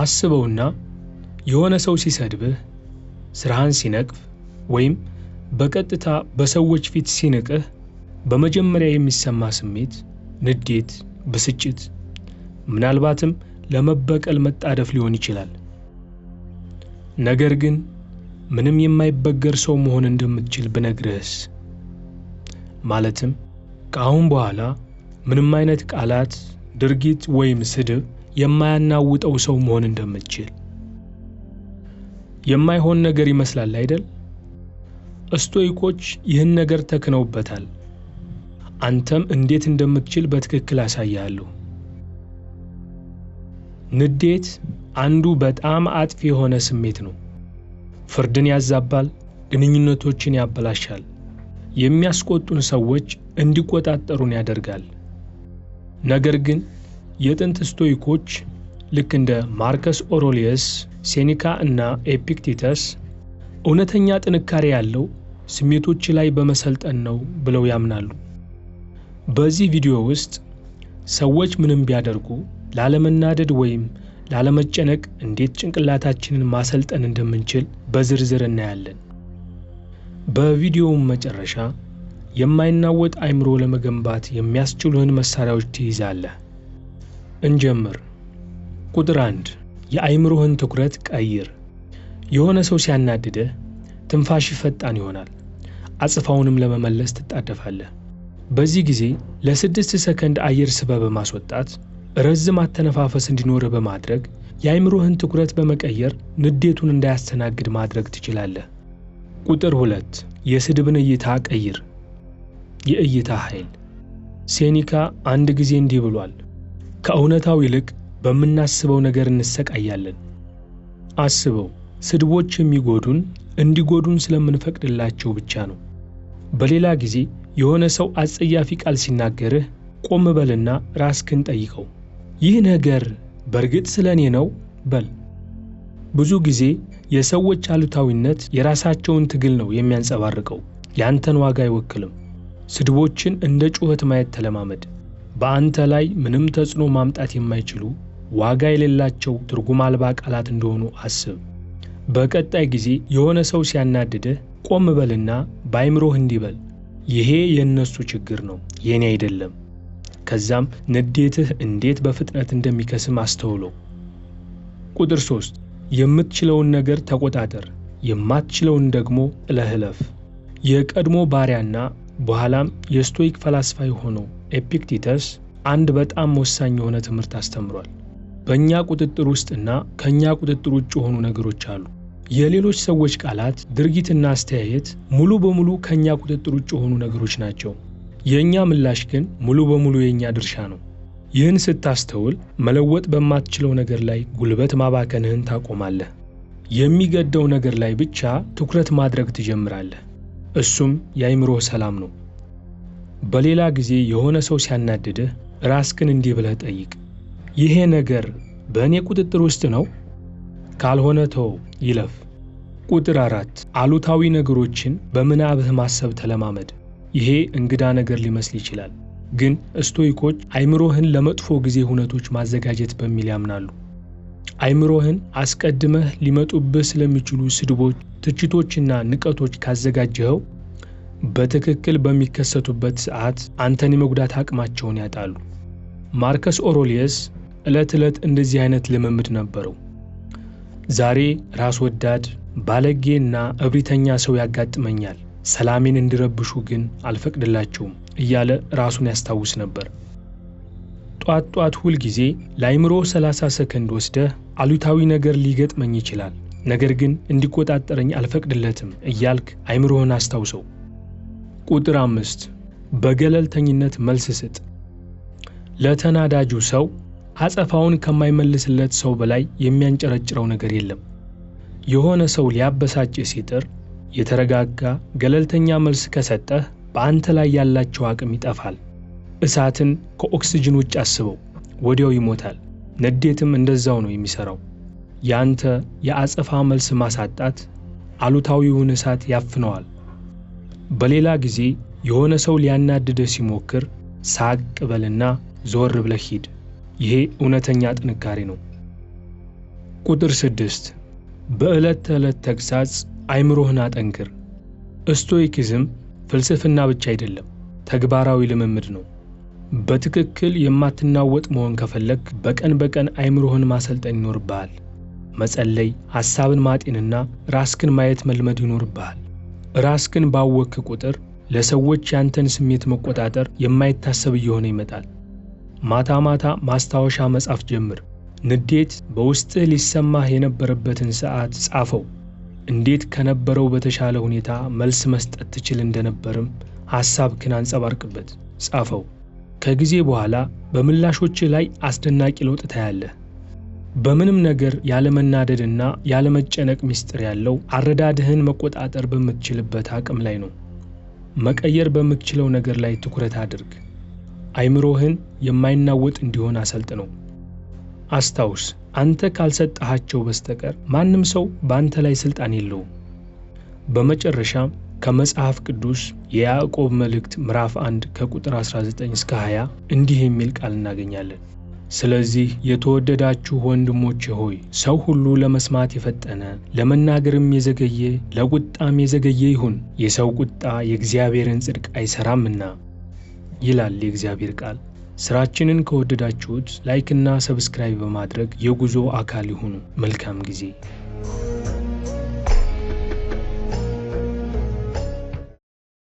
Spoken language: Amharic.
አስበውና የሆነ ሰው ሲሰድብህ፣ ስራህን ሲነቅፍ፣ ወይም በቀጥታ በሰዎች ፊት ሲንቅህ በመጀመሪያ የሚሰማ ስሜት ንዴት፣ ብስጭት፣ ምናልባትም ለመበቀል መጣደፍ ሊሆን ይችላል። ነገር ግን ምንም የማይበገር ሰው መሆን እንደምትችል ብነግርህስ? ማለትም ከአሁን በኋላ ምንም አይነት ቃላት፣ ድርጊት ወይም ስድብ የማያናውጠው ሰው መሆን እንደምትችል። የማይሆን ነገር ይመስላል አይደል? እስቶይኮች ይህን ነገር ተክነውበታል። አንተም እንዴት እንደምትችል በትክክል አሳያለሁ። ንዴት አንዱ በጣም አጥፊ የሆነ ስሜት ነው። ፍርድን ያዛባል፣ ግንኙነቶችን ያበላሻል፣ የሚያስቆጡን ሰዎች እንዲቆጣጠሩን ያደርጋል። ነገር ግን የጥንት ስቶይኮች ልክ እንደ ማርከስ ኦሮሊየስ፣ ሴኒካ እና ኤፒክቲተስ እውነተኛ ጥንካሬ ያለው ስሜቶች ላይ በመሰልጠን ነው ብለው ያምናሉ። በዚህ ቪዲዮ ውስጥ ሰዎች ምንም ቢያደርጉ ላለመናደድ ወይም ላለመጨነቅ እንዴት ጭንቅላታችንን ማሰልጠን እንደምንችል በዝርዝር እናያለን። በቪዲዮውም መጨረሻ የማይናወጥ አእምሮ ለመገንባት የሚያስችሉህን መሳሪያዎች ትይዛለህ። እንጀምር። ቁጥር አንድ የአይምሮህን ትኩረት ቀይር። የሆነ ሰው ሲያናድደ ትንፋሽ ፈጣን ይሆናል፣ አጽፋውንም ለመመለስ ትጣደፋለህ። በዚህ ጊዜ ለስድስት ሰከንድ አየር ስበህ በማስወጣት ረዝም አተነፋፈስ እንዲኖርህ በማድረግ የአይምሮህን ትኩረት በመቀየር ንዴቱን እንዳያስተናግድ ማድረግ ትችላለህ። ቁጥር ሁለት የስድብን እይታ ቀይር። የእይታ ኃይል ሴኒካ አንድ ጊዜ እንዲህ ብሏል፣ ከእውነታው ይልቅ በምናስበው ነገር እንሰቃያለን። አስበው፣ ስድቦች የሚጎዱን እንዲጎዱን ስለምንፈቅድላቸው ብቻ ነው። በሌላ ጊዜ የሆነ ሰው አጸያፊ ቃል ሲናገርህ ቆም በልና ራስክን ጠይቀው። ይህ ነገር በእርግጥ ስለ እኔ ነው በል። ብዙ ጊዜ የሰዎች አሉታዊነት የራሳቸውን ትግል ነው የሚያንጸባርቀው፣ ያንተን ዋጋ አይወክልም። ስድቦችን እንደ ጩኸት ማየት ተለማመድ። በአንተ ላይ ምንም ተጽዕኖ ማምጣት የማይችሉ ዋጋ የሌላቸው ትርጉም አልባ ቃላት እንደሆኑ አስብ። በቀጣይ ጊዜ የሆነ ሰው ሲያናድድህ ቆም በልና በአይምሮህ እንዲበል ይሄ የእነሱ ችግር ነው፣ የኔ አይደለም። ከዛም ንዴትህ እንዴት በፍጥነት እንደሚከስም አስተውሎ! ቁጥር 3 የምትችለውን ነገር ተቆጣጠር፣ የማትችለውን ደግሞ ጥለህ እለፍ። የቀድሞ ባሪያና በኋላም የስቶይክ ፈላስፋ የሆነው ኤፒክቲተስ አንድ በጣም ወሳኝ የሆነ ትምህርት አስተምሯል። በእኛ ቁጥጥር ውስጥና ከእኛ ቁጥጥር ውጭ የሆኑ ነገሮች አሉ። የሌሎች ሰዎች ቃላት፣ ድርጊትና አስተያየት ሙሉ በሙሉ ከእኛ ቁጥጥር ውጭ የሆኑ ነገሮች ናቸው። የእኛ ምላሽ ግን ሙሉ በሙሉ የእኛ ድርሻ ነው። ይህን ስታስተውል መለወጥ በማትችለው ነገር ላይ ጉልበት ማባከንህን ታቆማለህ። የሚገደው ነገር ላይ ብቻ ትኩረት ማድረግ ትጀምራለህ። እሱም የአይምሮህ ሰላም ነው። በሌላ ጊዜ የሆነ ሰው ሲያናድድህ ራስክን እንዲህ ብለህ ጠይቅ፣ ይሄ ነገር በእኔ ቁጥጥር ውስጥ ነው? ካልሆነ ተው ይለፍ። ቁጥር አራት አሉታዊ ነገሮችን በምናብህ ማሰብ ተለማመድ። ይሄ እንግዳ ነገር ሊመስል ይችላል፣ ግን ስቶይኮች አይምሮህን ለመጥፎ ጊዜ ሁነቶች ማዘጋጀት በሚል ያምናሉ። አይምሮህን አስቀድመህ ሊመጡብህ ስለሚችሉ ስድቦች፣ ትችቶችና ንቀቶች ካዘጋጀኸው በትክክል በሚከሰቱበት ሰዓት አንተን የመጉዳት አቅማቸውን ያጣሉ። ማርከስ ኦሮሊየስ ዕለት ዕለት እንደዚህ አይነት ልምምድ ነበረው። ዛሬ ራስ ወዳድ ባለጌና እብሪተኛ ሰው ያጋጥመኛል፣ ሰላሜን እንዲረብሹ ግን አልፈቅድላቸውም እያለ ራሱን ያስታውስ ነበር። ጧት ጧት ሁል ጊዜ ለአይምሮ 30 ሰከንድ ወስደህ አሉታዊ ነገር ሊገጥመኝ ይችላል፣ ነገር ግን እንዲቆጣጠረኝ አልፈቅድለትም እያልክ አይምሮህን አስታውሰው። ቁጥር አምስት በገለልተኝነት መልስ ስጥ። ለተናዳጁ ሰው አጸፋውን ከማይመልስለት ሰው በላይ የሚያንጨረጭረው ነገር የለም። የሆነ ሰው ሊያበሳጭ ሲጥር የተረጋጋ ገለልተኛ መልስ ከሰጠህ በአንተ ላይ ያላቸው አቅም ይጠፋል። እሳትን ከኦክስጅን ውጭ አስበው፣ ወዲያው ይሞታል። ንዴትም እንደዛው ነው የሚሰራው። ያንተ የአጸፋ መልስ ማሳጣት አሉታዊውን እሳት ያፍነዋል። በሌላ ጊዜ የሆነ ሰው ሊያናድደ ሲሞክር ሳቅ በልና ዞር ብለህ ሂድ። ይሄ እውነተኛ ጥንካሬ ነው። ቁጥር ስድስት በዕለት ተዕለት ተግሣጽ አይምሮህን አጠንክር። እስቶይኪዝም ፍልስፍና ብቻ አይደለም፣ ተግባራዊ ልምምድ ነው። በትክክል የማትናወጥ መሆን ከፈለግ በቀን በቀን አይምሮህን ማሰልጠን ይኖርብሃል። መጸለይ፣ ሐሳብን ማጤንና ራስክን ማየት መልመድ ይኖርብሃል። ራስክን ባወክ ቁጥር ለሰዎች ያንተን ስሜት መቆጣጠር የማይታሰብ እየሆነ ይመጣል። ማታ ማታ ማስታወሻ መጻፍ ጀምር። ንዴት በውስጥህ ሊሰማህ የነበረበትን ሰዓት ጻፈው። እንዴት ከነበረው በተሻለ ሁኔታ መልስ መስጠት ትችል እንደነበርም ሐሳብክን አንጸባርቅበት፣ ጻፈው። ከጊዜ በኋላ በምላሾች ላይ አስደናቂ ለውጥ ታያለህ። በምንም ነገር ያለመናደድና ያለመጨነቅ ምስጢር ያለው አረዳድህን መቆጣጠር በምትችልበት አቅም ላይ ነው። መቀየር በምትችለው ነገር ላይ ትኩረት አድርግ። አይምሮህን የማይናወጥ እንዲሆን አሰልጥነው። አስታውስ፣ አንተ ካልሰጠሃቸው በስተቀር ማንም ሰው በአንተ ላይ ስልጣን የለውም። በመጨረሻም ከመጽሐፍ ቅዱስ የያዕቆብ መልእክት ምዕራፍ 1 ከቁጥር 19 እስከ 20 እንዲህ የሚል ቃል እናገኛለን። ስለዚህ የተወደዳችሁ ወንድሞቼ ሆይ ሰው ሁሉ ለመስማት የፈጠነ ለመናገርም የዘገየ ለቁጣም የዘገየ ይሁን፣ የሰው ቁጣ የእግዚአብሔርን ጽድቅ አይሠራምና ይላል የእግዚአብሔር ቃል። ስራችንን ከወደዳችሁት ላይክና ሰብስክራይብ በማድረግ የጉዞ አካል ይሁኑ። መልካም ጊዜ